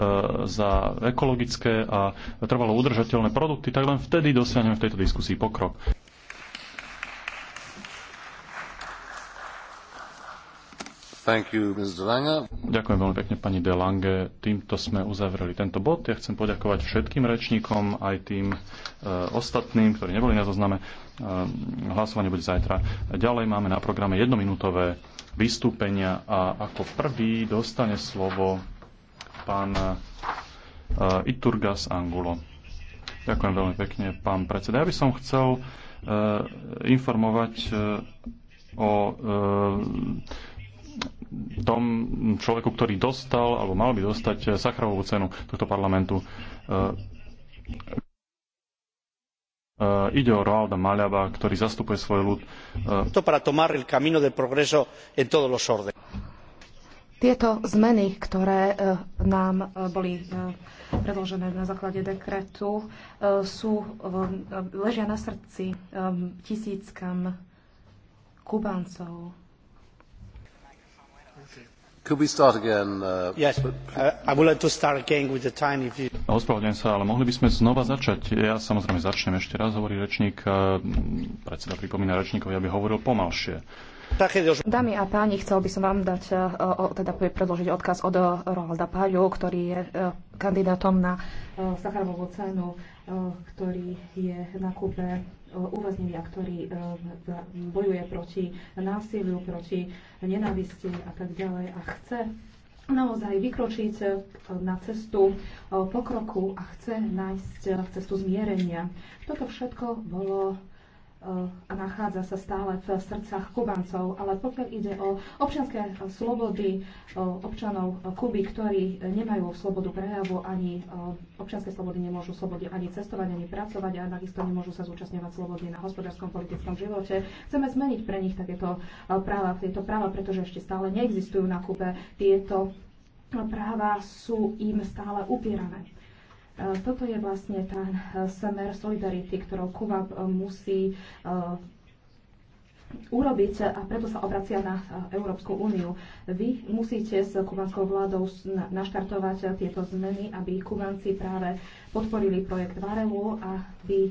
E, za ekologické a trvalo udržateľné produkty, tak len vtedy dosiahneme v tejto diskusii pokrok. You, Ďakujem veľmi pekne pani De Lange. Týmto sme uzavreli tento bod. Ja chcem poďakovať všetkým rečníkom, aj tým e, ostatným, ktorí neboli na zozname. E, hlasovanie bude zajtra. Ďalej máme na programe jednominútové vystúpenia a ako prvý dostane slovo pán uh, Iturgas Angulo. Ďakujem veľmi pekne, pán predseda. Ja by som chcel uh, informovať uh, o uh, tom človeku, ktorý dostal alebo mal by dostať uh, Sacharovú cenu tohto parlamentu. Uh, Uh, Ide o Roalda Maliaba, ktorý zastupuje svoj ľud. Uh, To para tomar el camino del progreso en todos los órdenes tieto zmeny, ktoré e, nám e, boli e, predložené na základe dekretu, sú, ležia na srdci tisíckam Kubáncov. Uh, uh, Ospravedlňujem sa, ale mohli by sme znova začať. Ja samozrejme začnem ešte raz, hovorí rečník. Predseda pripomína rečníkovi, aby hovoril pomalšie. Dámy a páni, chcel by som vám dať, eh, teda predložiť odkaz od eh, Rovalda Páľu, ktorý je eh, kandidátom na Sacharovú cenu, ktorý je na Kube uväznený a ktorý bojuje proti násiliu, proti nenávisti a tak ďalej a chce naozaj vykročiť na cestu pokroku a chce nájsť cestu zmierenia. Toto všetko bolo a nachádza sa stále v srdcach Kubancov. Ale pokiaľ ide o občianské slobody občanov Kuby, ktorí nemajú slobodu prejavu, ani občianske slobody nemôžu slobodne ani cestovať, ani pracovať a takisto nemôžu sa zúčastňovať slobodne na hospodárskom politickom živote. Chceme zmeniť pre nich takéto práva, tieto práva, pretože ešte stále neexistujú na Kube. Tieto práva sú im stále upierané. E, toto je vlastne ten semer solidarity, ktorou Kuba e, musí e, urobiť a preto sa obracia na Európsku úniu. Vy musíte s kubanskou vládou naštartovať tieto zmeny, aby Kubanci práve podporili projekt Varelu, aby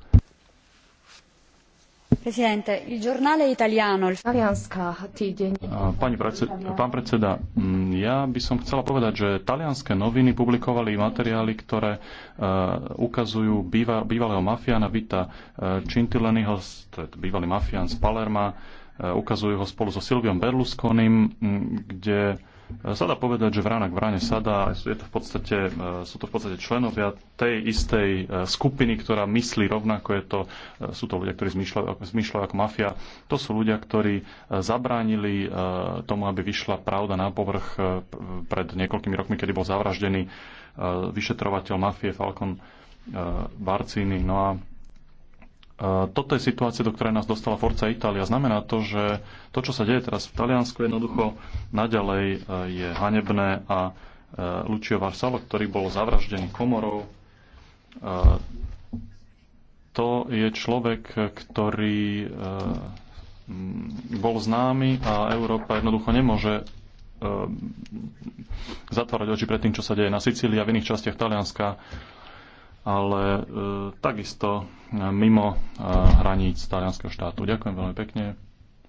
Presidente, il giornale italiano... týdeň. Pani predsed, pán predseda, mm, ja by som chcela povedať, že talianské noviny publikovali materiály, ktoré e, ukazujú býva, bývalého mafiána Vita uh, Cintileniho, bývalý mafián z Palerma, e, ukazujú ho spolu so Silviom Berlusconim, kde sa dá povedať, že vrana k vrane sadá. Je to v podstate, e, sú to v podstate členovia tej istej e, skupiny, ktorá myslí rovnako. Je to, e, sú to ľudia, ktorí zmyšľajú, zmyšľajú ako mafia. To sú ľudia, ktorí zabránili tomu, aby vyšla pravda na povrch pred niekoľkými rokmi, kedy bol zavraždený vyšetrovateľ mafie Falcon Barcini. No a toto je situácia, do ktorej nás dostala Forca Itália. Znamená to, že to, čo sa deje teraz v Taliansku, jednoducho naďalej e, je hanebné a e, Lucio Varsalo, ktorý bol zavraždený komorou, e, to je človek, ktorý bol známy a Európa jednoducho nemôže zatvárať oči pred tým, čo sa deje na Sicílii a v iných častiach Talianska ale e, takisto e, mimo e, hraníc talianského štátu. Ďakujem veľmi pekne,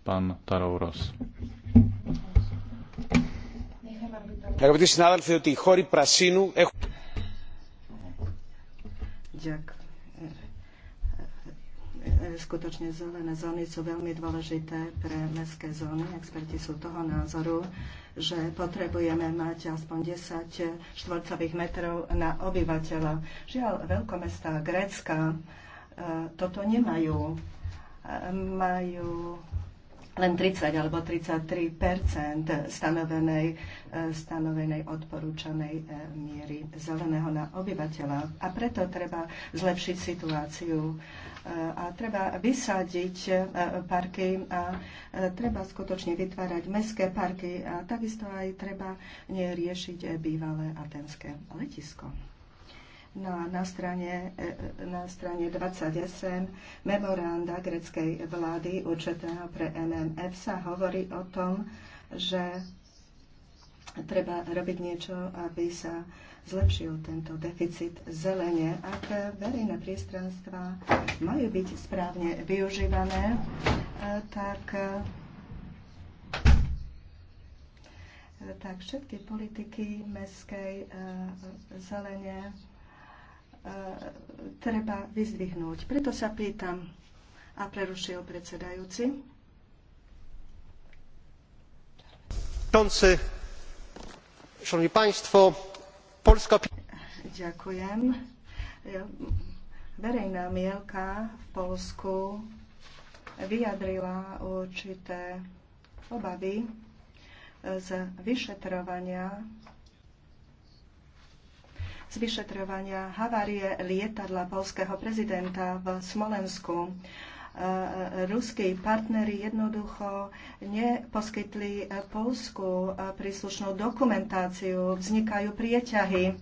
pán Tarouros. Ros. Ďakujem skutočne zelené zóny sú veľmi dôležité pre mestské zóny. Experti sú toho názoru, že potrebujeme mať aspoň 10 štvorcových metrov na obyvateľa. Žiaľ, veľkomestá Grécka e, toto nemajú. E, majú len 30 alebo 33 stanovenej, e, stanovenej odporúčanej miery zeleného na obyvateľa. A preto treba zlepšiť situáciu a treba vysadiť e, parky a e, treba skutočne vytvárať mestské parky a takisto aj treba neriešiť e, bývalé atenské letisko. No a na strane, na strane 28 memoranda greckej vlády určitého pre MMF sa hovorí o tom, že treba robiť niečo, aby sa uh, zlepšil tento deficit zelenie. Ak verejné priestranstva majú byť správne využívané, eh, tak eh, tak všetky politiky mestskej eh, zelenie treba vyzdvihnúť. Preto sa pýtam a prerušil predsedajúci. Szanowni Państwo, Ďakujem. Verejná mielka v Polsku vyjadrila určité obavy z vyšetrovania z vyšetrovania havárie lietadla polského prezidenta v Smolensku. E, ruskí partnery jednoducho neposkytli e, Polsku e, príslušnú dokumentáciu, vznikajú prieťahy.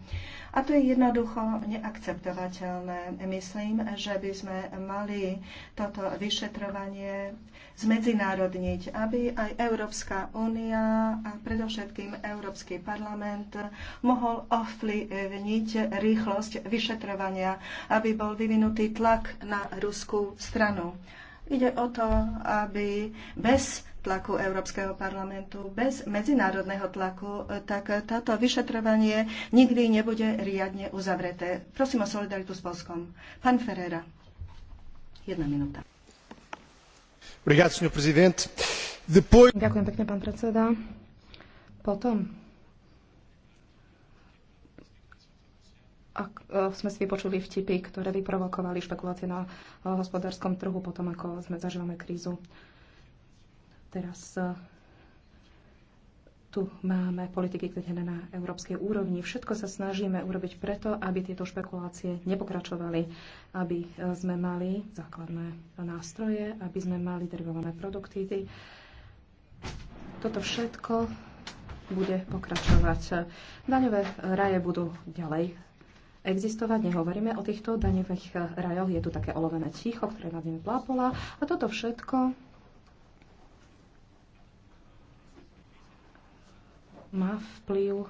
A to je jednoducho neakceptovateľné. Myslím, že by sme mali toto vyšetrovanie zmedzinárodniť, aby aj Európska únia a predovšetkým Európsky parlament mohol ovplyvniť rýchlosť vyšetrovania, aby bol vyvinutý tlak na ruskú stranu. Ide o to, aby bez tlaku Európskeho parlamentu, bez medzinárodného tlaku, e, tak e, táto vyšetrovanie nikdy nebude riadne uzavreté. Prosím o solidaritu s Polskom. Pán Ferreira, jedna minúta. Ďakujem pekne, pán predseda. Potom, ak e, sme si vypočuli vtipy, ktoré vyprovokovali špekulácie na hospodárskom trhu, potom ako sme zažívame krízu Teraz e, tu máme politiky vedené na európskej úrovni. Všetko sa snažíme urobiť preto, aby tieto špekulácie nepokračovali, aby e, sme mali základné nástroje, aby sme mali derivované produkty. Toto všetko bude pokračovať. Daňové raje budú ďalej existovať. Nehovoríme o týchto daňových rajoch. Je tu také olovené ticho, ktoré nad nimi plápola. A toto všetko má vplyv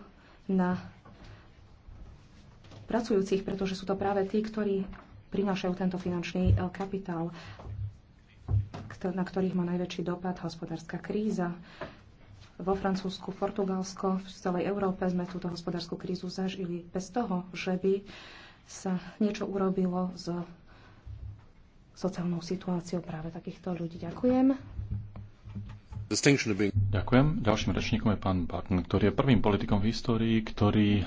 na pracujúcich, pretože sú to práve tí, ktorí prinášajú tento finančný eh, kapitál, na ktorých má najväčší dopad hospodárska kríza. Vo Francúzsku, Portugalsko, v celej Európe sme túto hospodárskú krízu zažili bez toho, že by sa niečo urobilo s sociálnou situáciou práve takýchto ľudí. Ďakujem. Ďakujem. Ďalším rečníkom je pán Bakn, ktorý je prvým politikom v histórii, ktorý eh,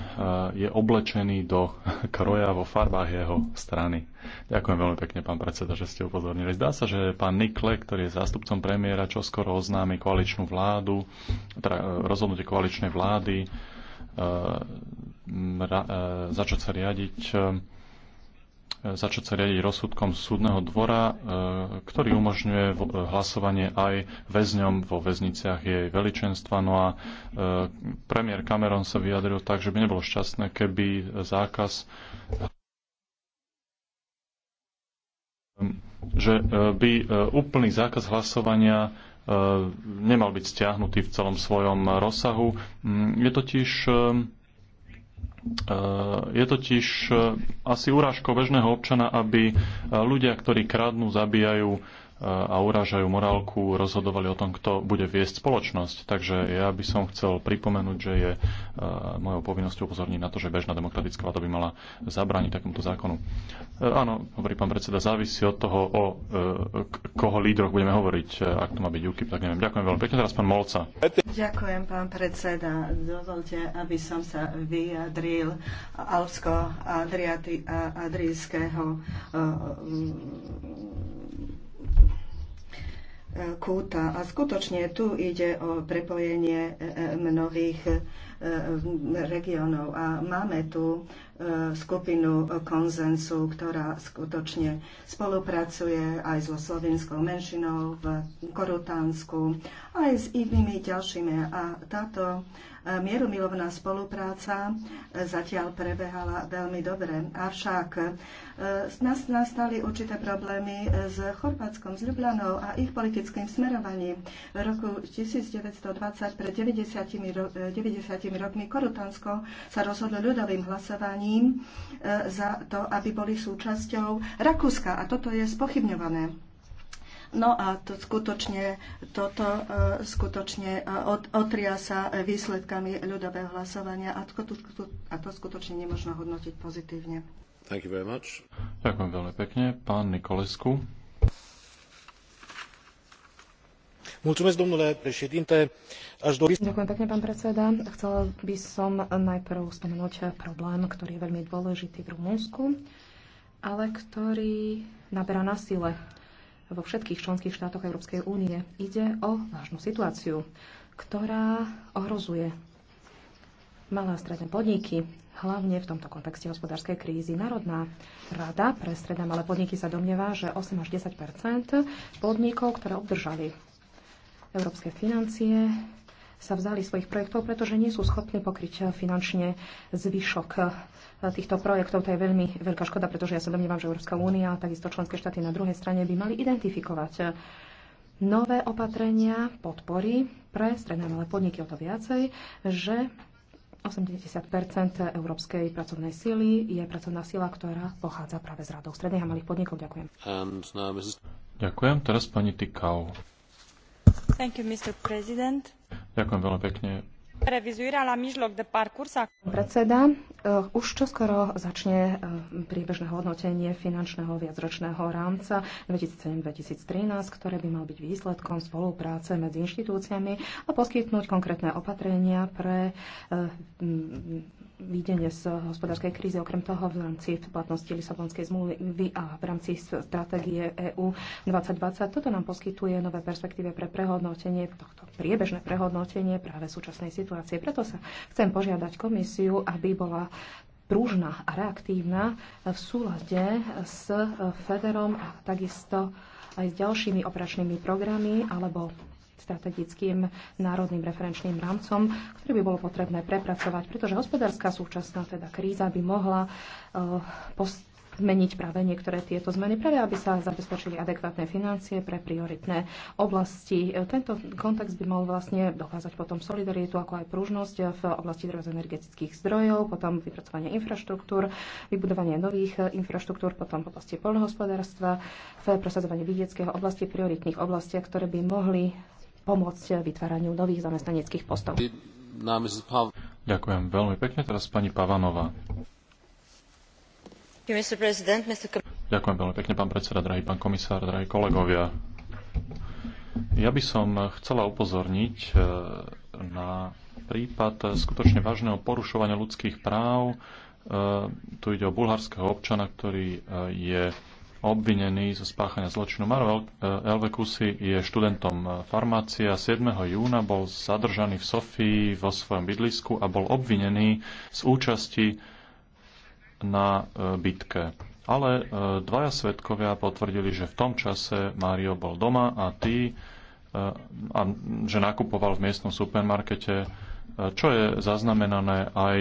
je oblečený do kroja vo farbách jeho strany. Ďakujem veľmi pekne, pán predseda, že ste upozornili. Zdá sa, že pán Nikle, ktorý je zástupcom premiéra, čo skoro oznámi koaličnú vládu, teda eh, rozhodnutie koaličnej vlády, eh, za čo sa riadiť E, začať sa riadiť rozsudkom súdneho dvora, e, ktorý umožňuje e, hlasovanie aj väzňom vo väzniciach jej veličenstva. No a premiér Cameron sa vyjadril tak, že by nebolo šťastné, keby zákaz že by úplný zákaz hlasovania nemal byť stiahnutý v celom svojom rozsahu. Mm, je totiž Eh, je totiž eh, asi urážkou bežného občana, aby eh, ľudia, ktorí kradnú, zabíjajú, a urážajú morálku, rozhodovali o tom, kto bude viesť spoločnosť. Takže ja by som chcel pripomenúť, že je mojou povinnosťou upozorniť na to, že bežná demokratická vláda by mala zabrániť takémuto zákonu. E, áno, hovorí pán predseda, závisí od toho, o e, koho lídroch budeme hovoriť. E, ak to má byť UKIP, tak neviem. Ďakujem veľmi pekne. Teraz pán Molca. Ďakujem, pán predseda. Dovolte, aby som sa vyjadril alpsko-adrijského kúta. A skutočne tu ide o prepojenie e, e, mnohých e, regiónov. A máme tu skupinu konzensu, ktorá skutočne spolupracuje aj so slovenskou menšinou v Korutánsku, aj s inými ďalšími. A táto Mierumilovná spolupráca e, zatiaľ prebehala veľmi dobre, avšak e, nastali určité problémy e, s Chorvátskom, s Ljubljanou a ich politickým smerovaním. V roku 1920 pred 90, 90 rokmi Korutansko sa rozhodlo ľudovým hlasovaním za to, aby boli súčasťou Rakúska a toto je spochybňované. No a to skutočne, toto e, skutočne e, otria sa e, výsledkami ľudového hlasovania a to, a to skutočne nemôžno hodnotiť pozitívne. Thank you very much. Ďakujem veľmi pekne. Pán Nikolesku. Ďakujem pekne, pán predseda. Chcela by som najprv spomenúť problém, ktorý je veľmi dôležitý v Rumúnsku, ale ktorý naberá na sile vo všetkých členských štátoch Európskej únie. Ide o vážnu situáciu, ktorá ohrozuje malé a stredné podniky, hlavne v tomto kontexte hospodárskej krízy. Národná rada pre stredné malé podniky sa domnieva, že 8 až 10 podnikov, ktoré obdržali európske financie, sa vzali svojich projektov, pretože nie sú schopní pokryť eh, finančne zvyšok eh, týchto projektov. To je veľmi veľká škoda, pretože ja sa domnívam, že Európska únia a takisto členské štáty na druhej strane by mali identifikovať eh, nové opatrenia podpory pre stredné malé podniky o to viacej, že 80 európskej pracovnej síly je pracovná sila, ktorá pochádza práve z radov stredných a malých podnikov. Ďakujem. Ďakujem. Teraz pani Tikau. Ďakujem veľmi pekne. la mijloc de parcurs a... Predseda, eh, už čoskoro začne eh, príbežné hodnotenie finančného viacročného rámca 2007-2013, ktoré by mal byť výsledkom spolupráce medzi inštitúciami a poskytnúť konkrétne opatrenia pre eh, výdenie z hospodárskej krízy. Okrem toho v rámci platnosti Lisabonskej zmluvy a v rámci stratégie EU 2020 toto nám poskytuje nové perspektíve pre prehodnotenie, tohto priebežné prehodnotenie práve súčasnej situácie. Preto sa chcem požiadať komisiu, aby bola prúžna a reaktívna v súlade s Federom a takisto aj s ďalšími operačnými programy alebo strategickým národným referenčným rámcom, ktorý by bolo potrebné prepracovať, pretože hospodárska súčasná teda kríza by mohla eh, zmeniť práve niektoré tieto zmeny, práve aby sa zabezpečili adekvátne financie pre prioritné oblasti. Tento kontext by mal vlastne dokázať potom solidaritu, ako aj pružnosť v oblasti z energetických zdrojov, potom vypracovanie infraštruktúr, vybudovanie nových infraštruktúr, potom v oblasti poľnohospodárstva, v presadzovaní vidieckého oblasti, prioritných oblastiach, ktoré by mohli pomôcť vytváraniu nových zamestnaneckých postov. Ďakujem veľmi pekne. Teraz pani Pavanová. Ďakujem veľmi pekne, pán predseda, drahý pán komisár, drahí kolegovia. Ja by som chcela upozorniť eh, na prípad skutočne vážneho porušovania ľudských práv. Eh, tu ide o bulharského občana, ktorý eh, je obvinený zo spáchania zločinu. Maro eh, Elvekusi je študentom eh, farmácie a 7. júna bol zadržaný v Sofii vo svojom bydlisku a bol obvinený z účasti na eh, bitke. Ale dvaja svetkovia potvrdili, že v tom čase Mário bol doma a tí, a že nakupoval v miestnom supermarkete, čo je zaznamenané aj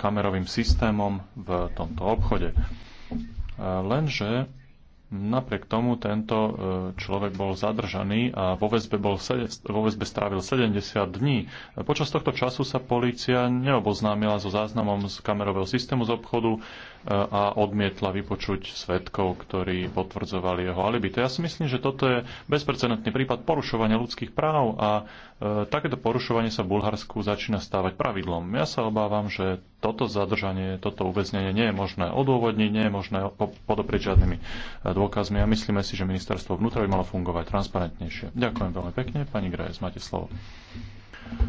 kamerovým systémom v tomto obchode. Lenže Napriek tomu tento e, človek bol zadržaný a vo väzbe, bol, vo väzbe strávil 70 dní. Počas tohto času sa polícia neoboznámila so záznamom z kamerového systému z obchodu a odmietla vypočuť svetkov, ktorí potvrdzovali jeho alibi. To ja si myslím, že toto je bezprecedentný prípad porušovania ľudských práv a e, takéto porušovanie sa v Bulharsku začína stávať pravidlom. Ja sa obávam, že toto zadržanie, toto uväznenie nie je možné odôvodniť, nie je možné podoprieť žiadnymi e, dôkazmi a myslíme si, že ministerstvo vnútra by malo fungovať transparentnejšie. Ďakujem veľmi pekne. Pani Grajec, máte slovo.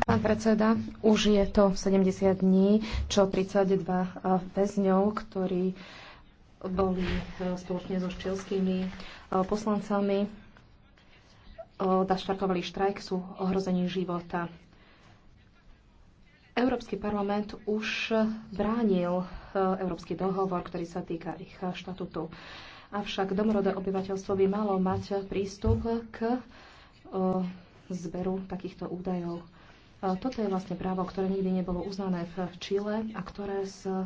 Pán predseda, už je to 70 dní, čo 32 eh, väzňov, ktorí boli eh, spoločne so štielskými eh, poslancami, naštartovali štrajk, sú ohrození života. Európsky parlament už bránil Európsky dohovor, ktorý sa týka ich štatutu. Avšak domorodé obyvateľstvo by malo mať prístup k zberu takýchto údajov. Toto je vlastne právo, ktoré nikdy nebolo uznané v Čile a ktoré z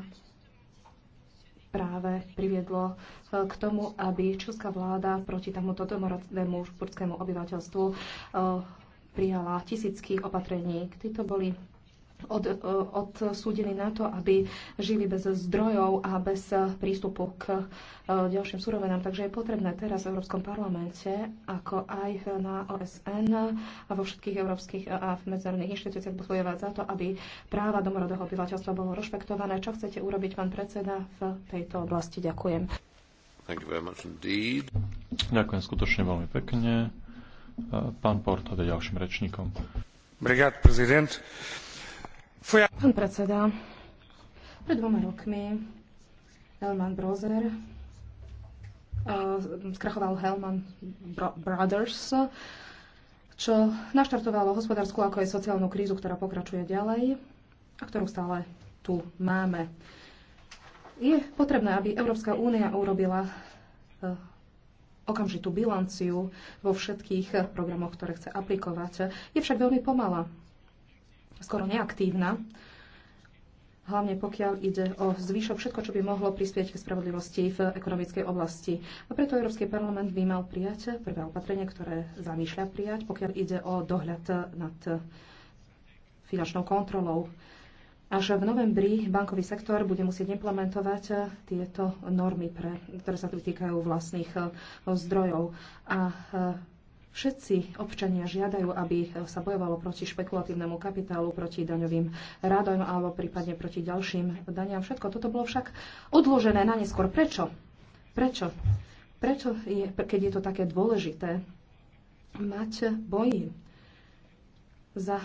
práve priviedlo e, k tomu, aby čilská vláda proti tomuto domorodnému špurskému obyvateľstvu e, prijala tisícky opatrení. Títo boli od, odsúdení na to, aby žili bez zdrojov a bez prístupu k e, ďalším surovinám. Takže je potrebné teraz v Európskom parlamente, ako aj na OSN a vo všetkých európskych a v medzinárodných inštitúciách bojovať za to, aby práva domorodého obyvateľstva bolo rešpektované. Čo chcete urobiť, pán predseda, v tejto oblasti? Ďakujem. Thank you very much indeed. Ďakujem skutočne veľmi pekne. E, pán Porto je ďalším rečníkom. Obrigado, prezident. Pán predseda, pred dvoma rokmi Helman Brother eh, skrachoval Hellman Brothers, čo naštartovalo hospodárskú ako aj sociálnu krízu, ktorá pokračuje ďalej a ktorú stále tu máme. Je potrebné, aby Európska únia urobila eh, okamžitú bilanciu vo všetkých programoch, ktoré chce aplikovať. Je však veľmi pomalá skoro neaktívna, hlavne pokiaľ ide o zvyšok všetko, čo by mohlo prispieť k spravodlivosti v ekonomickej oblasti. A preto Európsky parlament by mal prijať prvé opatrenie, ktoré zamýšľa prijať, pokiaľ ide o dohľad nad finančnou kontrolou. Až v novembri bankový sektor bude musieť implementovať tieto normy, pre, ktoré sa týkajú vlastných zdrojov. A Všetci občania žiadajú, aby sa bojovalo proti špekulatívnemu kapitálu, proti daňovým rádom alebo prípadne proti ďalším daniam. Všetko toto bolo však odložené na neskôr. Prečo? Prečo? Prečo, je, keď je to také dôležité, mať boji za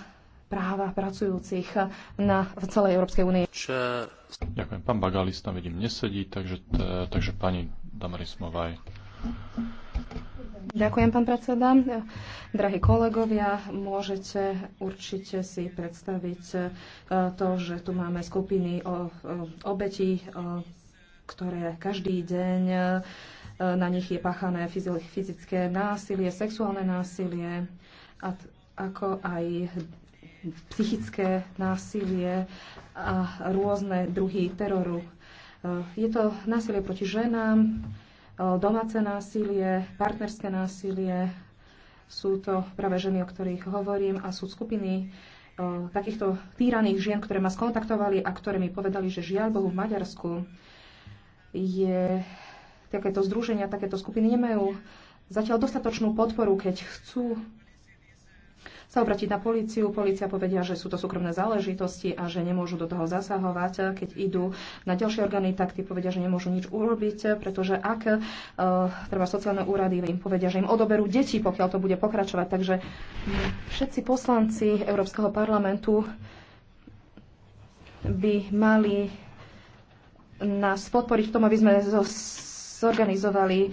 práva pracujúcich na, v celej Európskej únii? Če... Ďakujem. Pán Bagalis tam vidím nesedí, takže, takže pani Damarismová. Ďakujem, pán predseda. Drahí kolegovia, môžete určite si predstaviť eh, to, že tu máme skupiny o eh, obeti, eh, ktoré každý deň na nich je pachané fyzické násilie, sexuálne násilie, ako aj psychické násilie a rôzne druhy teroru. Je to násilie proti ženám, E, domáce násilie, partnerské násilie. Sú to práve ženy, o ktorých hovorím a sú skupiny e, takýchto týraných žien, ktoré ma skontaktovali a ktoré mi povedali, že žiaľ Bohu v Maďarsku je takéto združenia, takéto skupiny nemajú zatiaľ dostatočnú podporu, keď chcú sa obratí na políciu. Polícia povedia, že sú to súkromné záležitosti a že nemôžu do toho zasahovať. Keď idú na ďalšie orgány, tak tí povedia, že nemôžu nič urobiť, pretože ak uh, treba sociálne úrady im povedia, že im odoberú deti, pokiaľ to bude pokračovať. Takže všetci poslanci Európskeho parlamentu by mali nás podporiť v tom, aby sme zorganizovali e,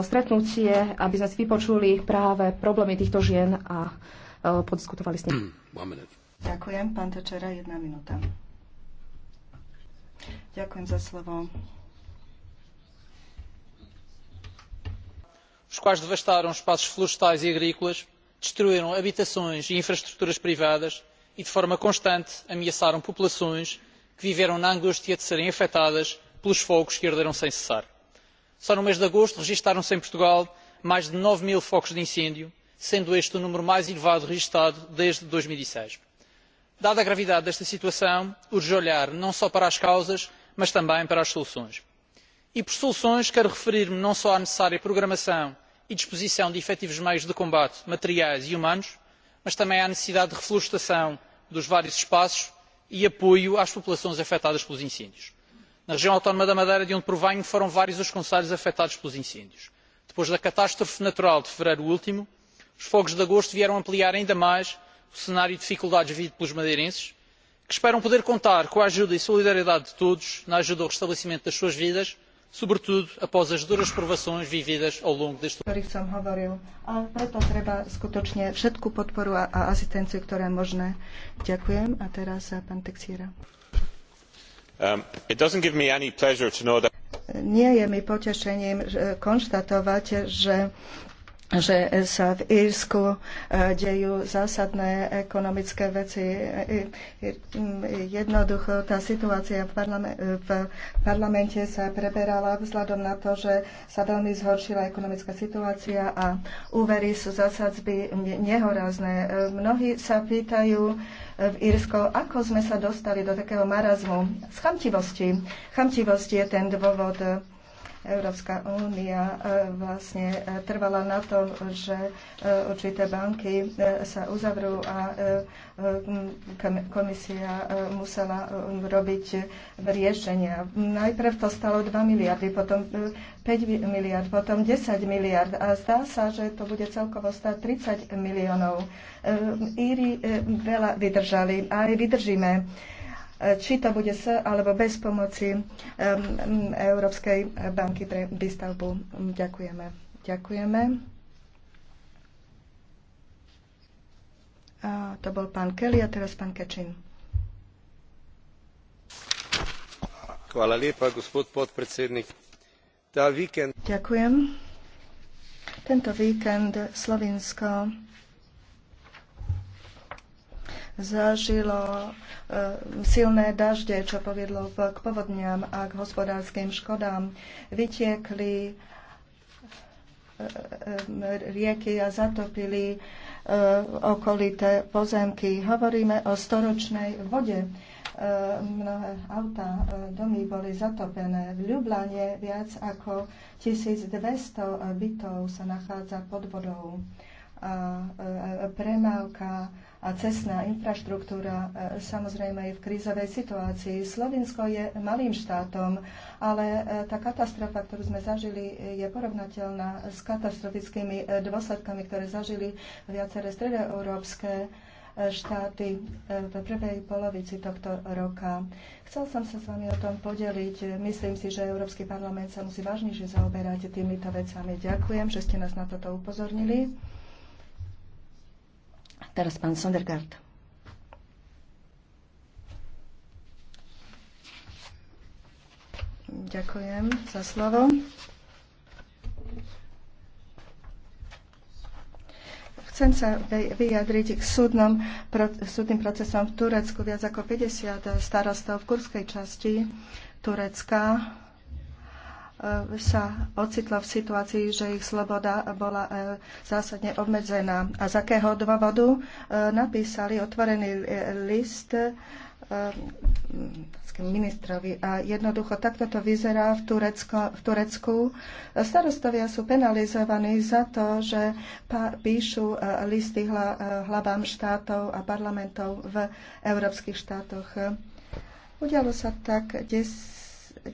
stretnutie, aby sme si vypočuli práve problémy týchto žien a Eh, podiskutovali s ním. Hmm, Ďakujem, pán Tečera, jedna minúta. Ďakujem za slovo. Os quais devastaram espaços florestais e agrícolas, destruíram habitações e infraestruturas privadas e, de forma constante, ameaçaram populações que viveram na angústia de serem afetadas pelos fogos que arderam sem cessar. Só no mês de agosto registaram-se em Portugal mais de 9 mil focos de incêndio sendo este o número mais elevado registrado desde. dois mil e seis dada a gravidade desta situação urge olhar não só para as causas mas também para as soluções. e por soluções quero referir me não só à necessária programação e disposição de efetivos meios de combate materiais e humanos mas também à necessidade de reflorestação dos vários espaços e apoio às populações afetadas pelos incêndios. na região autónoma da madeira de onde provenho foram vários os concelhos afetados pelos incêndios. depois da catástrofe natural de fevereiro último os fogos de agosto vieram ampliar ainda mais o cenário de dificuldades vivido pelos madeirenses que esperam poder contar com a ajuda e solidariedade de todos na ajuda ao restabelecimento das suas vidas sobretudo após as duras provações vividas ao longo deste ktorých som hovoril. A preto treba skutočne všetku podporu a, a asistenciu, ktoré je možné. Ďakujem. A teraz eh, pán Texiera. Um, it doesn't give me any pleasure to know that nie je mi potešením konštatovať, že že sa v Írsku e, dejú zásadné ekonomické veci. E, e, jednoducho tá situácia v, parlamente, v parlamente sa preberala vzhľadom na to, že sa veľmi zhoršila ekonomická situácia a úvery sú zásadzby nehorazné. Mnohí sa pýtajú v Írsko, ako sme sa dostali do takého marazmu. Z chamtivosti. Chamtivosť je ten dôvod Európska únia e, vlastne e, trvala na to, že e, určité banky sa uzavrú a komisia musela robiť riešenia. Najprv to stalo 2 miliardy, potom 5 miliard, potom 10 miliard a zdá sa, že to bude celkovo stať 30 miliónov. Íry veľa vydržali a aj vydržíme. E, či to bude s alebo bez pomoci e, Európskej banky pre výstavbu. Ďakujeme. Ďakujeme. A to bol pán Kelly a teraz pán Kečin. Hvala lepa, gospod podpredsednik. Tá víkend... Ďakujem. Tento víkend Slovinsko zažilo e, silné dažde, čo povedlo k povodňám a k hospodárskym škodám. Vytiekli e, e, rieky a zatopili okolité pozemky. Hovoríme o storočnej vode. Mnohé autá, domy boli zatopené. V Ljubljane viac ako 1200 bytov sa nachádza pod vodou. A premávka a cestná infraštruktúra e, samozrejme je v krízovej situácii. Slovinsko je malým štátom, ale e, tá katastrofa, ktorú sme zažili, je porovnateľná s katastrofickými e, dôsledkami, ktoré zažili viaceré stredoeurópske štáty v prvej polovici tohto roka. Chcel som sa s vami o tom podeliť. Myslím si, že Európsky parlament sa musí vážnejšie zaoberať týmito vecami. Ďakujem, že ste nás na toto upozornili. Teraz pán Sondergaard. Ďakujem za slovo. Chcem sa vyjadriť k súdnom, súdnym procesom v Turecku. Viac ako 50 starostov v kurskej časti Turecka E, sa ocitla v situácii, že ich sloboda bola e, zásadne obmedzená. A z akého dôvodu e, napísali otvorený list ministrovi. A jednoducho takto to vyzerá v, Turecko, v Turecku. Starostovia sú penalizovaní za to, že píšu listy hlavám štátov a parlamentov v európskych štátoch. Udialo sa tak 10.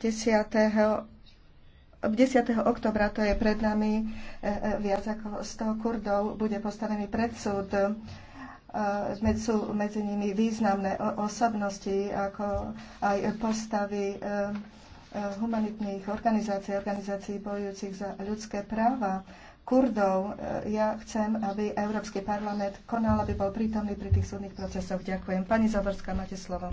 10. oktobra, to je pred nami, e, e, viac ako 100 Kurdov bude postavený predsud. E, sú medzi nimi významné osobnosti, ako aj postavy humanitných organizácií, organizácií bojujúcich za ľudské práva. Kurdov, ja chcem, aby Európsky parlament konal, aby bol prítomný pri tých súdnych procesoch. Ďakujem. Pani Zaborská, máte slovo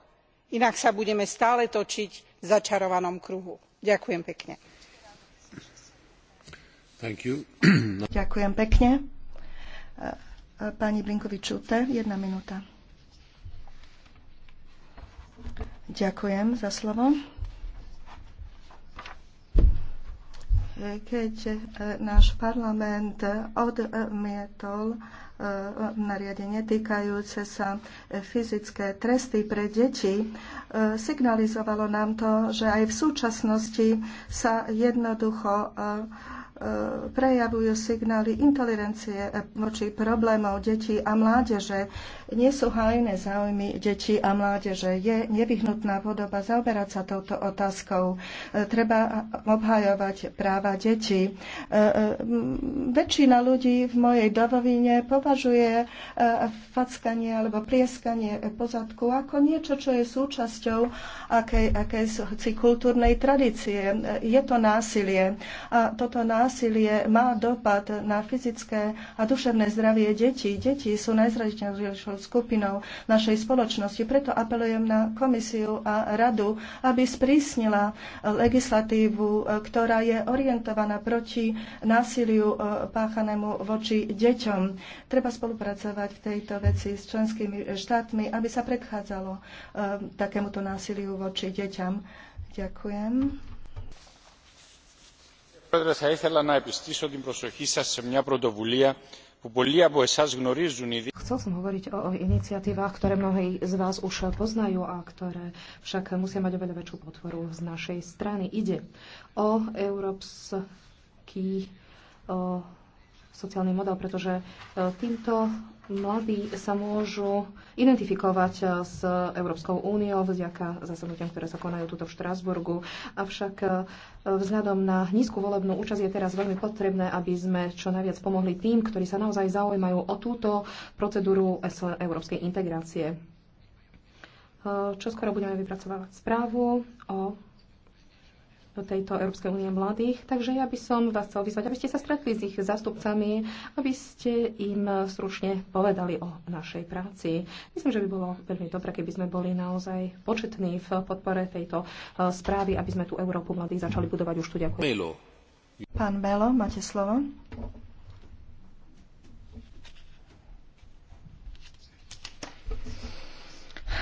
inak sa budeme stále točiť v začarovanom kruhu. ďakujem pekne. E, e, e, keď náš parlament odmietol E, nariadenie týkajúce sa e, fyzické tresty pre deti. E, signalizovalo nám to, že aj v súčasnosti sa jednoducho prejavujú signály inteligencie eh, voči problémov detí a mládeže. Nie sú hajné záujmy detí a mládeže. Je nevyhnutná podoba zaoberať sa touto otázkou. Eh, treba obhajovať práva detí. Eh, väčšina ľudí v mojej dovovine považuje fackanie alebo prieskanie pozadku ako niečo, čo je súčasťou akej, akej kultúrnej tradície. Je to násilie. A toto násilie násilie má dopad na fyzické a duševné zdravie detí. Deti sú najzraditeľnejšou skupinou našej spoločnosti. Preto apelujem na komisiu a radu, aby sprísnila legislatívu, ktorá je orientovaná proti násiliu e, páchanému voči deťom. Treba spolupracovať v tejto veci s členskými štátmi, aby sa predchádzalo e, takémuto násiliu voči deťam. Ďakujem πρόεδρε θα ήθελα να επιστήσω την προσοχή σας σε μια πρωτοβουλία που πολλοί από εσάς γνωρίζουν ήδη. Chcel som hovoriť o, iniciatívach, ktoré mnohí z vás už poznajú a ktoré však musia mať oveľa väčšiu potvoru z našej strany. Ide o európsky o, sociálny model, pretože e, týmto mladí sa môžu identifikovať eh, s Európskou úniou vďaka zasadnutiam, ktoré sa konajú tuto v Štrásburgu. Avšak eh, vzhľadom na nízku volebnú účasť je teraz veľmi potrebné, aby sme čo najviac pomohli tým, ktorí sa naozaj zaujímajú o túto procedúru európskej integrácie. Eh, čo skoro budeme vypracovať správu o tejto Európskej únie mladých. Takže ja by som vás chcel vyzvať, aby ste sa stretli s ich zástupcami, aby ste im stručne povedali o našej práci. Myslím, že by bolo veľmi dobré, keby sme boli naozaj početní v podpore tejto e, správy, aby sme tú Európu mladých začali budovať už tu. Ďakujem. Melo. Pán Belo, máte slovo.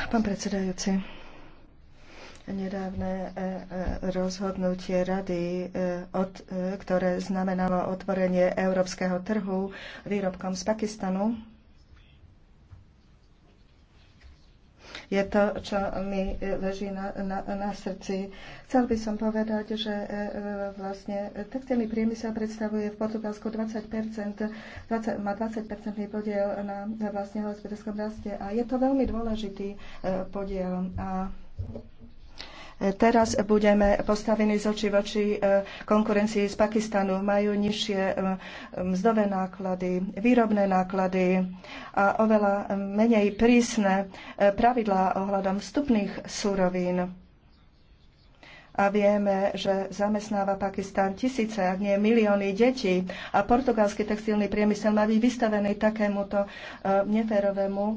Pán predsedajúci, nedávne e, e, rozhodnutie rady, e, ktoré znamenalo otvorenie európskeho trhu výrobkom z Pakistanu. Je to, čo mi leží na, na, na srdci. Chcel by som povedať, že vlastne textilný priemysel predstavuje v Portugalsku 20%, 20 má 20 podiel na, na vlastne hospodárskom raste a je to veľmi dôležitý podiel. A Teraz budeme postavení z oči voči e, konkurencii z Pakistanu. Majú nižšie e, mzdové náklady, výrobné náklady a oveľa menej prísne e, pravidlá ohľadom vstupných súrovín a vieme, že zamestnáva Pakistan tisíce, ak nie milióny detí a portugalský textilný priemysel má byť vystavený takémuto e, neférovému e,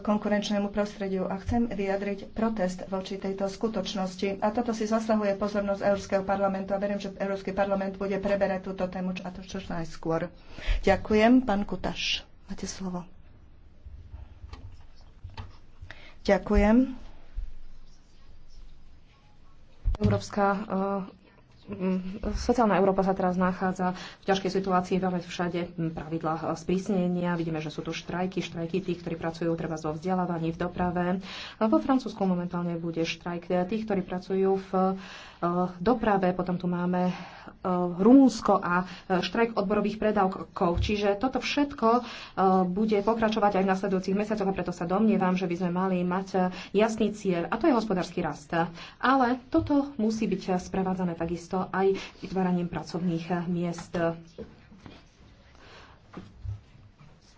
konkurenčnému prostrediu. A chcem vyjadriť protest voči tejto skutočnosti. A toto si zasahuje pozornosť Európskeho parlamentu a verím, že Európsky parlament bude preberať túto tému a to čo najskôr. Ďakujem. Pán Kutaš, máte slovo. Ďakujem. Európska e, sociálna Európa sa teraz nachádza v ťažkej situácii, veľmi všade pravidla e, sprísnenia, vidíme, že sú tu štrajky, štrajky tých, ktorí pracujú treba vo vzdelávaní, v doprave. Vo Francúzsku momentálne bude štrajk tých, ktorí pracujú v Eh, doprave, potom tu máme eh, Rumúnsko a eh, štrajk odborových predávkov. Čiže toto všetko bude pokračovať aj v nasledujúcich mesiacoch a preto sa domnievam, že by sme mali mať jasný cieľ a to je hospodársky rast. Ale toto musí byť sprevádzané takisto aj vytváraním pracovných miest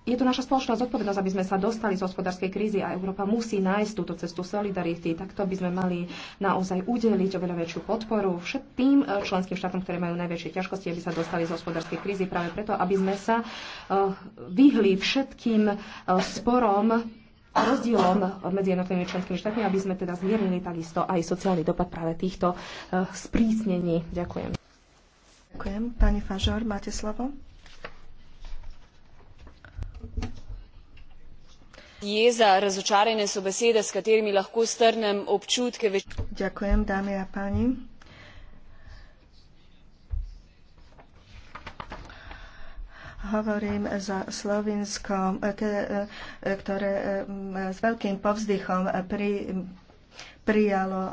je to naša spoločná zodpovednosť, aby sme sa dostali z hospodárskej krízy a Európa musí nájsť túto cestu solidarity. Takto by sme mali naozaj udeliť oveľa väčšiu podporu všetkým eh, členským štátom, ktoré majú najväčšie ťažkosti, aby sa dostali z hospodárskej krízy práve preto, aby sme sa eh, vyhli všetkým eh, sporom rozdielom medzi jednotlivými členskými štátmi, aby sme teda zmiernili takisto aj sociálny dopad práve týchto sprísnení. Ďakujem. Ďakujem. Pani Fažor, máte slovo jeza razočaranje so besede s katerimi lahko strnem občutke Ďakujem, dámy a Hovorím za Slovinsko, ktoré s veľkým povzdychom pri, prijalo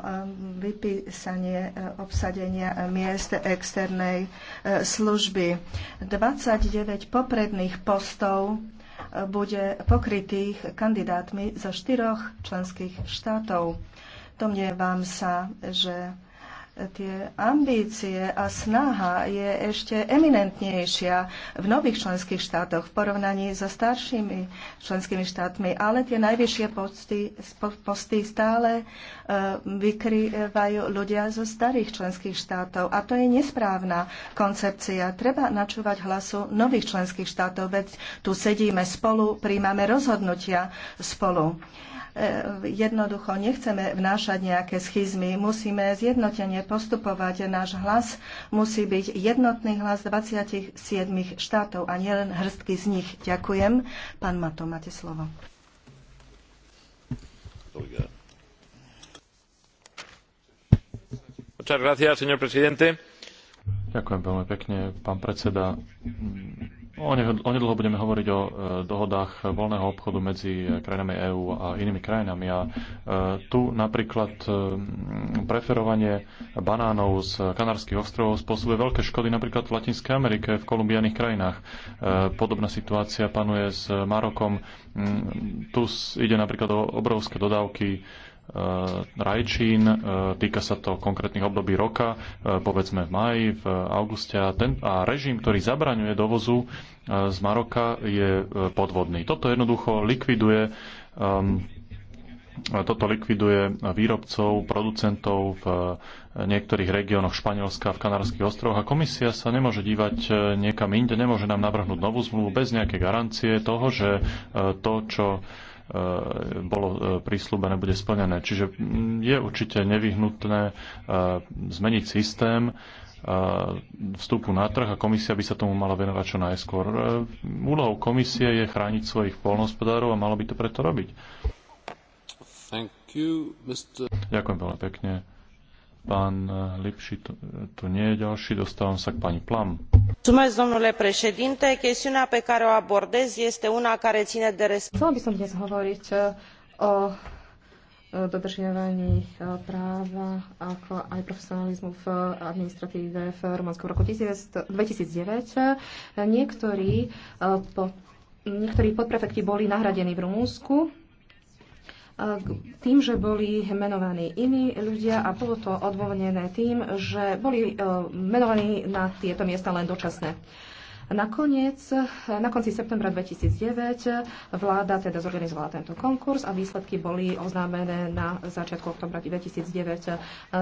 vypísanie obsadenia miest externej služby. 29 popredných postov bude pokrytých kandidátmi zo štyroch členských štátov. Domnievam sa, že tie ambície a snaha je ešte eminentnejšia v nových členských štátoch v porovnaní so staršími členskými štátmi, ale tie najvyššie posty, posty stále e, vykrývajú ľudia zo starých členských štátov. A to je nesprávna koncepcia. Treba načúvať hlasu nových členských štátov, veď tu sedíme spolu, príjmame rozhodnutia spolu. E, jednoducho nechceme vnášať nejaké schizmy, musíme zjednotene postupovať. Náš hlas musí byť jednotný hlas 27 štátov a nielen hrstky z nich. Ďakujem. Pán Mato, máte slovo. Muchas gracias, señor presidente. Ďakujem veľmi pekne, pán predseda. Onedlho budeme hovoriť o e, dohodách voľného obchodu medzi e, krajinami EÚ a inými krajinami. A e, tu napríklad preferovanie banánov z Kanárskych ostrovov spôsobuje veľké škody napríklad v Latinskej Amerike, v kolumbianých krajinách. Podobná situácia panuje s Marokom. Mm, tu ide napríklad o obrovské dodávky Eh, rajčín. Eh, týka sa to konkrétnych období roka, eh, povedzme v maji, v auguste. A, ten, a režim, ktorý zabraňuje dovozu z Maroka, je podvodný. Toto jednoducho likviduje um, toto likviduje výrobcov, producentov v niektorých regiónoch Španielska, v Kanárských ostrovoch a komisia sa nemôže dívať niekam inde, nemôže nám navrhnúť novú zmluvu bez nejakej garancie toho, že to, čo E, bolo e, prislúbené, bude splnené. Čiže mm, je určite nevyhnutné e, zmeniť systém vstupu na trh a komisia by sa tomu mala venovať čo najskôr. Úlohou komisie je chrániť svojich polnospodárov a malo by to preto robiť. You, Ďakujem veľmi pekne. Pán eh, Lipši tu, tu nie je ďalší, dostávam sa k pani Plam. Chestiunea pe care o abordez este una care ține de respect. Chcela by som dnes hovoriť eh, o eh, dodržiavaní práva ako aj profesionalizmu v administratíve v Rumunsku v roku 2009. Niektorí, po, niektorí podprefekti boli nahradení v Rumúnsku tým, že boli menovaní iní ľudia a bolo to odôvodnené tým, že boli eh, menovaní na tieto miesta len dočasné. Nakoniec, na konci septembra 2009 vláda teda zorganizovala tento konkurs a výsledky boli oznámené na začiatku oktobra 2009.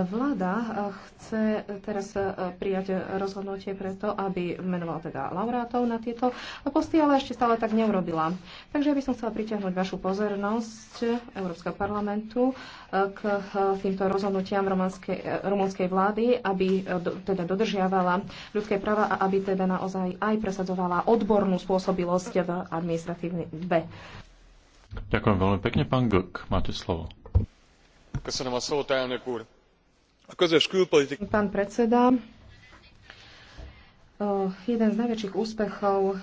Vláda chce teraz e, prijať rozhodnutie preto, aby menovala teda laurátov na tieto posty, ale ešte stále tak neurobila. Takže ja by som chcela pritiahnuť vašu pozornosť Európskeho parlamentu k eh, týmto rozhodnutiam eh, rumunskej vlády, aby eh, teda dodržiavala ľudské práva a aby teda naozaj aj presadzovala odbornú spôsobilosť v administratívnej B. Ďakujem veľmi pekne, pán Glk. Máte slovo. Pán predseda, jeden z najväčších úspechov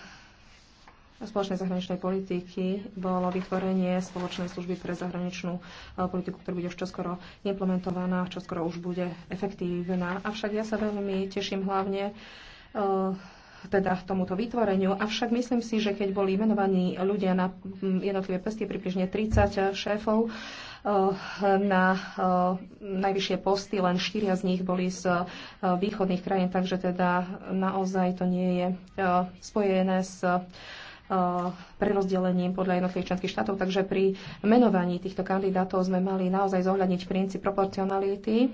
spoločnej zahraničnej politiky bolo vytvorenie spoločnej služby pre zahraničnú e, politiku, ktorá bude už čoskoro implementovaná, čoskoro už bude efektívna. Avšak ja sa veľmi teším hlavne e, teda tomuto vytvoreniu. Avšak myslím si, že keď boli menovaní ľudia na jednotlivé pestie, približne 30 šéfov, e, na najvyššie posty, len štyria z nich boli z východných krajín, takže teda naozaj to nie je spojené s Eh, prerozdelením podľa jednotlivých členských štátov. Takže pri menovaní týchto kandidátov sme mali naozaj zohľadniť princíp proporcionality,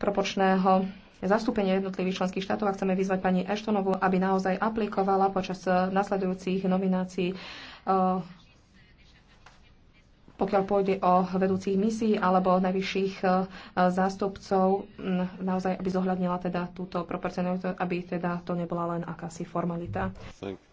proporčného zastúpenie jednotlivých členských štátov a chceme vyzvať pani Eštonovu, aby naozaj aplikovala počas eh, nasledujúcich nominácií eh, pokiaľ pôjde o vedúcich misií alebo najvyšších zástupcov, hm, naozaj, aby zohľadnila teda túto proporcionalitu, aby teda to nebola len akási formalita. Thank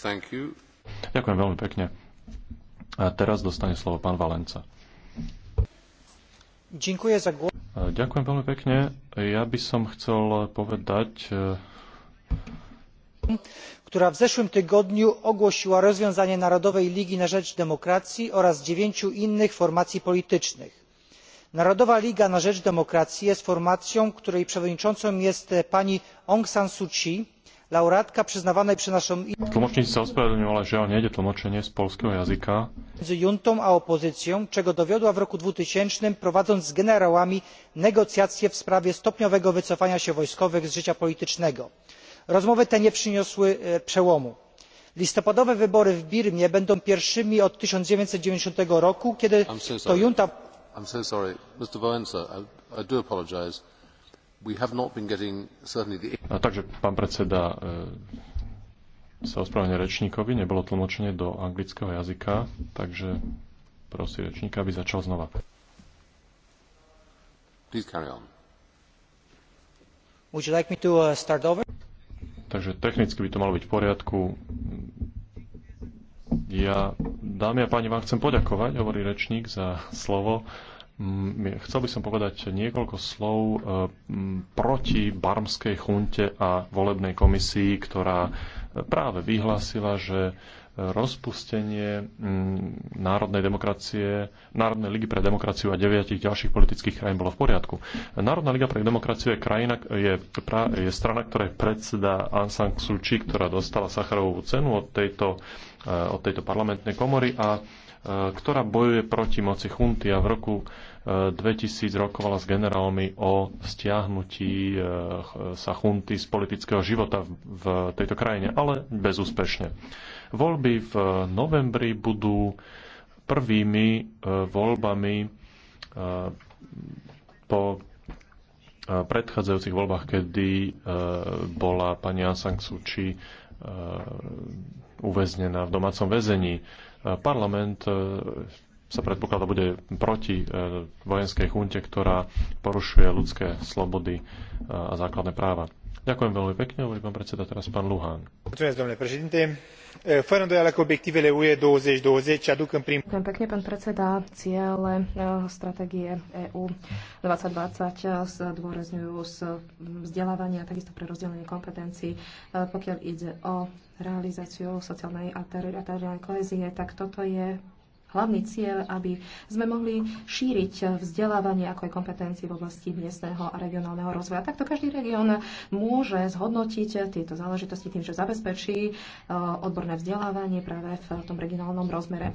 Thank you. Ďakujem veľmi pekne. A teraz dostane slovo pán Valenca. Ďakujem veľmi pekne. Ja by som chcel povedať e, ktorá v zeszłym tygodniu ogłosiła rozwiązanie narodowej ligi na rzecz demokracji oraz dziewięciu innych formacji politycznych. narodowa liga na rzecz demokracji jest formacją której przewodniczącą jest pani aung san suu kyi laureátka priznavanej pri našom... Tlmočníci sa ospravedlňovala, že nejde tlmočenie z polského jazyka. ...między juntą a opozycją, czego dowiodła w roku 2000, prowadząc z generałami negocjacje w sprawie stopniowego wycofania się wojskowych z życia politycznego. Rozmowy te nie przyniosły e, przełomu listopadowe wybory w birmie będą pierwszymi od tysiąc dziewięćset dziewięćdzisiąt roku kiedy to junta apologize takže, pán predseda, e, sa ospravedlňuje rečníkovi, nebolo tlmočenie do anglického jazyka, takže prosí rečníka, aby začal znova. Like to, uh, takže technicky by to malo byť v poriadku. Ja, dámy a páni, vám chcem poďakovať, hovorí rečník, za slovo. Mm, chcel by som povedať niekoľko slov e, proti barmskej chunte a volebnej komisii, ktorá e, práve vyhlásila, že e, rozpustenie Národnej demokracie, Národnej ligy pre demokraciu a deviatich ďalších politických krajín bolo v poriadku. Národná liga pre demokraciu je, krajina, je, pra, je strana, ktorej predseda Aung San Suu Kyi, ktorá dostala Sacharovú cenu od tejto, od tejto parlamentnej komory a ktorá bojuje proti moci chunty a v roku 2000 rokovala s generálmi o stiahnutí e, sa chunty z politického života v tejto krajine, ale bezúspešne. Voľby v novembri budú prvými e, voľbami e, po predchádzajúcich voľbách, kedy bola pani Ansang Suči uväznená v domácom väzení. Parlament sa predpokladá bude proti e, vojenskej chunte, ktorá porušuje ľudské slobody e, a základné práva. Ďakujem veľmi pekne, hovorí pán predseda, teraz pán Luhán. E, fără îndoială că obiectivele UE 2020 aduc în Ďakujem pekne, pán predseda. Ciele stratégie EU 2020 zdôrazňujú vzdelávanie a takisto pre rozdelenie kompetencií, pokiaľ ide o realizáciu sociálnej a teritoriálnej kohezie, tak toto je hlavný cieľ, aby sme mohli šíriť vzdelávanie ako aj kompetencie v oblasti miestneho a regionálneho rozvoja. Takto každý región môže zhodnotiť tieto záležitosti tým, že zabezpečí eh, odborné vzdelávanie práve v tom regionálnom rozmere.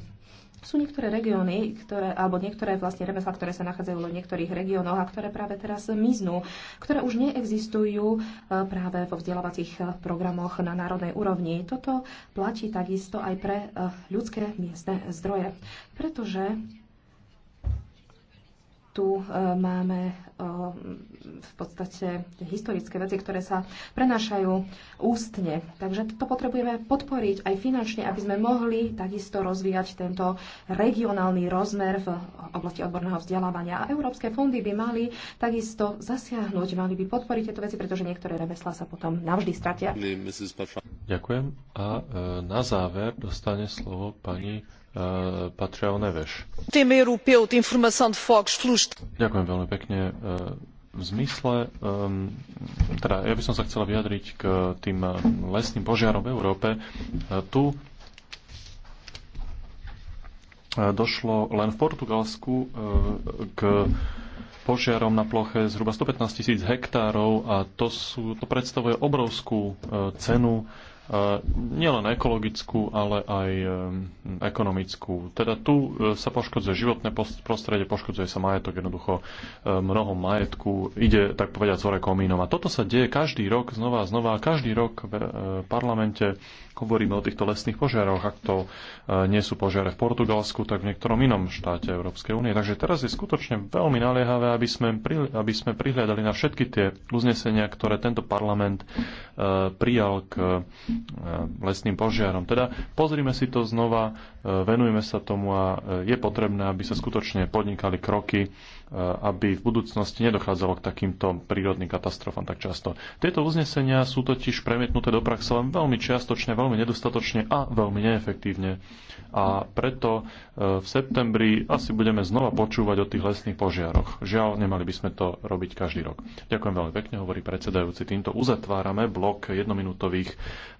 Sú niektoré regióny, ktoré, alebo niektoré vlastne remeslá, ktoré sa nachádzajú v niektorých regiónoch a ktoré práve teraz miznú, ktoré už neexistujú e, práve vo vzdelávacích e, programoch na národnej úrovni. Toto platí takisto aj pre e, ľudské miestne zdroje, pretože tu e, máme e, v podstate historické veci, ktoré sa prenášajú ústne. Takže to potrebujeme podporiť aj finančne, aby sme mohli takisto rozvíjať tento regionálny rozmer v oblasti odborného vzdelávania. A európske fondy by mali takisto zasiahnuť, mali by podporiť tieto veci, pretože niektoré remeslá sa potom navždy stratia. Ďakujem. A e, na záver dostane slovo pani Eh, Patreon Neveš. Ďakujem veľmi pekne. Eh, v zmysle, ehm, teda ja by som sa chcela vyjadriť k tým eh, lesným požiarom v Európe. Tu došlo len v Portugalsku k požiarom na ploche zhruba 115 tisíc hektárov a to, sú, to predstavuje obrovskú cenu nielen ekologickú, ale aj ehm, ekonomickú. Teda tu e, sa poškodzuje životné prostredie, poškodzuje sa majetok, jednoducho e, mnoho majetku ide, tak povedať, hore komínom. A toto sa deje každý rok znova a znova. Každý rok v e, parlamente hovoríme o týchto lesných požiaroch. Ak to e, nie sú požiare v Portugalsku, tak v niektorom inom štáte Európskej únie. Takže teraz je skutočne veľmi naliehavé, aby sme, aby sme prihľadali na všetky tie uznesenia, ktoré tento parlament e, prijal k e, lesným požiarom. Teda pozrime si to znova, venujme sa tomu a je potrebné, aby sa skutočne podnikali kroky Eh, aby v budúcnosti nedochádzalo k takýmto prírodným katastrofám tak často. Tieto uznesenia sú totiž premietnuté do praxe len veľmi čiastočne, veľmi nedostatočne a veľmi neefektívne. A preto eh, v septembri asi budeme znova počúvať o tých lesných požiaroch. Žiaľ, nemali by sme to robiť každý rok. Ďakujem veľmi pekne, hovorí predsedajúci. Týmto uzatvárame blok jednominútových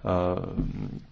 eh,